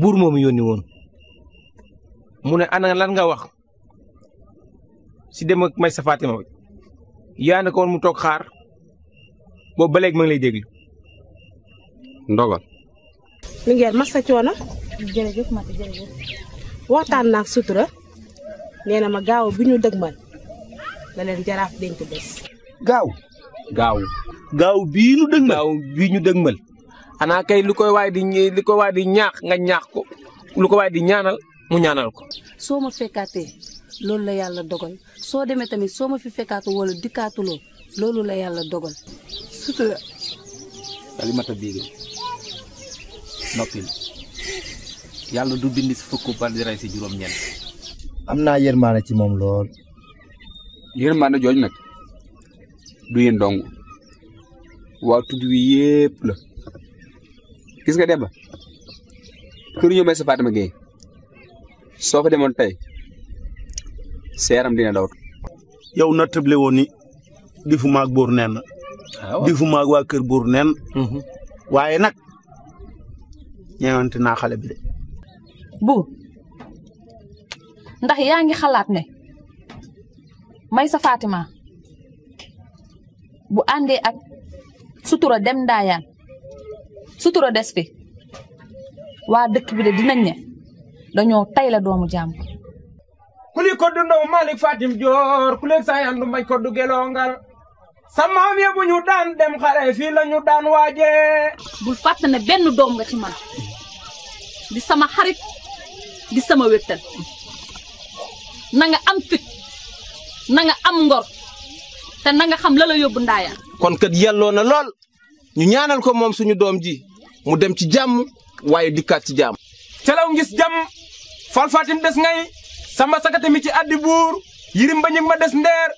bur mom yoni won mune ana lan nga wax si dem ak may sa Fatima bi yaa ne ko woon mu tok xaar bo balek mang lay deglu ndogal mi ngeen mas sa coono ma Mati jërëjëf waxtan nak sutura neena ma gaaw biñu ñu dëgmal la leen jaraaf dénk bes gaaw gaaw gaaw biñu gaaw biñu xanaa kay lu koy way di li koy way di ñaax nga ñaax ko lu koy way di ñaanal mu ñaanal ko soo ma fekkaatee loolu la yalla dogal so tamit fi wala lo loolu la yalla dogal ali mata biiri noppil yalla du bind si fukk ba di ray ci juroom ñen amna yermane ci mom lool yermane joj nak du yeen dong wa tuddi yépp la gis nga Demba kër ñu may sa Fatima Gueye soko demon tay seram dina daw. yow na teble woni ni difu maag buur nen. Ah, waaw difu maag waa kër buur nen. Mhm. waye nak ñeewante xale bi de. ndax yaangi xalaat ne may sa Fatima bu ande ak sutura dem ndaayaan sutura des waa dëkk bi de dinañ ne dañoo tay la doomu jàmbur kuli koddu ndow malik fatim joor kuleeg saa yandu mbaj koddu gelongal sa maam ya bu ñu daan dem xare fii la daan waaje bul fàtt ne benn doom nga ci man di sama xarit di sama wéttal na nga am fit na nga am ngor te na xam lala la yóbbu ndaayaan kon kat yelloo lool ñu ñaanal ko mom suñu dom ji mu dem ci jàmm waaye dikkaat ci law ngiss jamm jam falfatim dess ngay sama sakate mi ci addi bur yirim bañu ma dess ndeer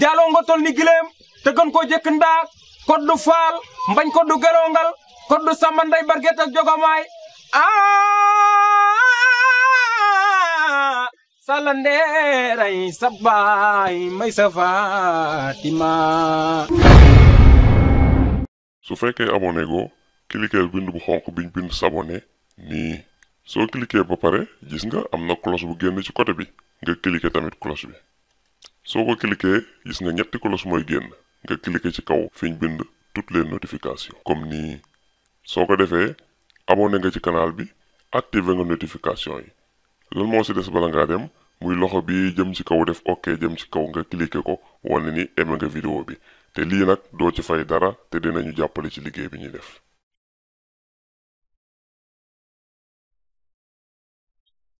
jaaloo nga tol ni gilem te gën koo jëkk ndaak koddu fal mbañ koddu gelongal koddu sama nday barget ak jogamaay ah sala ndeeray sabay may sa fatima su fekkee abonné goo cliquer bind bu xonq biñ bind s'abonner nii soo cliquer ba pare gis nga am na cloche bu génn ci côté bi nga cliquer tamit cloche bi soo ko cliquer gis nga ñetti cloche mooy génn nga cliquer ci kaw fiñ bind toutes les notifications comme nii soo ko defee abonné nga ci canal bi activer nga notification yi lan moo si des bala ngaa dem muy loxo bii jëm ci kaw def ok jëm ci kaw nga cliquer ko wane ni aimé nga vidéo bi te lii nag doo ci fay dara te dinañu jàppale ci liggéey bi ñu def